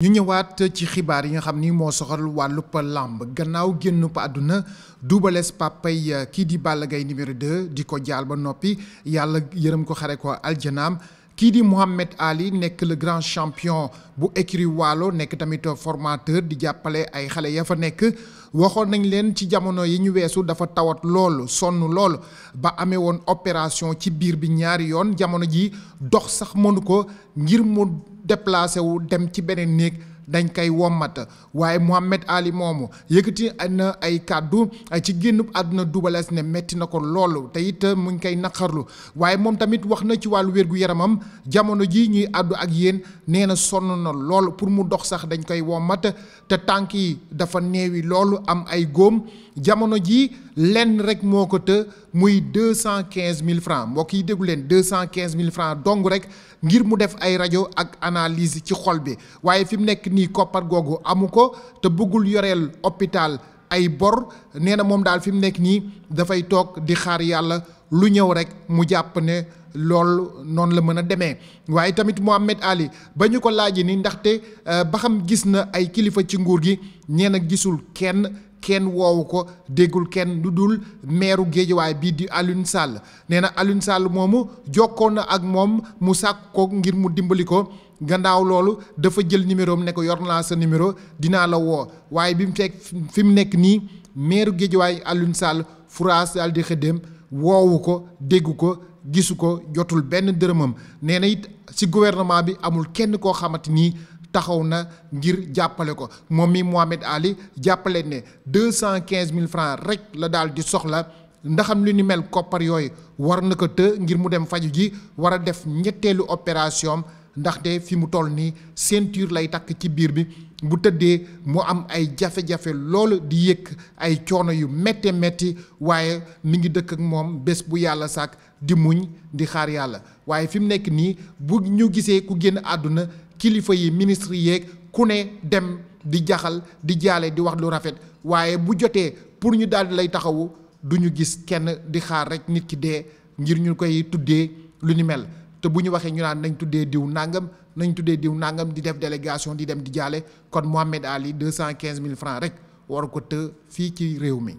ñu ñëwaat ci xibaar yi nga xam ni moo soxal wàllub làmb gannaaw génnub àdduna duubalees papay kii di Balla Gaye numéro 2 di ko jaal ba noppi yàlla yërëm ko xare ko aljanaam kii di Mouhamed Ali nekk le grand champion bu écurie Waalo nekk tamit formateur di jàppale ay xale ya fa nekk waxoon nañ leen ci jamono yi ñu weesu dafa tawat lool sonn lool ba amee woon opération ci biir bi ñaari yoon jamono ji dox sax mënu ko ngir mu déplacé wu dem ci beneen néeg dañ koy wommat waaye Mouhamed Ali moomu yëkkati na ay kàddu ci génnub àdduna dubalees ne metti na ko loolu te it mu ngi koy naqarlu waaye moom tamit wax na ci wàllu wér-gu-yaramam jamono ji ñuy àddu ak yéen nee na sonn na lool pour mu dox sax dañ koy wommat te tànk yi dafa néewi loolu am ay góom jamono ji lenn rek moo ko të muy deux cent quinze mille francs mbokk yi déglu leen deux cent quinze mille francs dong rek ngir mu def ay rajo ak analyse ci xol bi waaye fi mu nekk nii koppar googu amu ko te bëggul yoreel hôpital ay bor nee na moom daal fi mu nekk nii dafay toog di xaar yàlla lu ñëw rek mu jàpp ne loolu noonu la mën a demee waaye tamit Mohamed Ali ba ñu ko laajee ni ndaxte euh, ba xam gis na ay kilifa ci nguur gi nee na gisul kenn. kenn woowu ko déggul kenn lu dul meeru géejawaay bii di allune Sall nee na Alioune Sall moomu jokkoon na ak moom mu sàkk ko ngir mu dimbali ko gannaaw loolu dafa jël numéro am ne ko yor naa sa numéro dinaa la woo waaye bi mu fekk fi mu nekk nii meeru géejawaay Alioune Sall furaas daal di xëddéem woowu ko déggu ko gisu ko jotul benn dërëmam nee na it si gouvernement bi amul kenn koo xamante nii taxaw na ngir jàppale ko moom mi Mohamed Ali jàppale ne deux cent quinze mille francs rek la daal di soxla ndaxam li ni mel koppar yooyu war na ko të ngir mu dem faju ji war a def ñetteelu opération ndaxte fi mu toll nii ceinture lay takk ci biir bi bu tëddee mu am ay jafe-jafe loolu di yëkk ay coono yu métte métti waaye mi ngi dëkk ak moom bés bu yàlla sàkk di muñ di xaar yàlla waaye fi mu nekk nii bu ñu gisee ku génn àdduna kilifa yi ministre yeeg ku ne dem di jaxal di jaale di wax lu rafet waaye bu jotee pour ñu daal lay taxawu du ñu gis kenn di xaar rek nit ki dee ngir ñu koy tuddee lu ni mel te bu ñu waxee ñu naan nañ tuddee diw nangam nañ tuddee diw nangam di def délégation di dem di jaale kon Mohamed Ali deux cent quinze mille francs rek war ko të fii ci réew mi.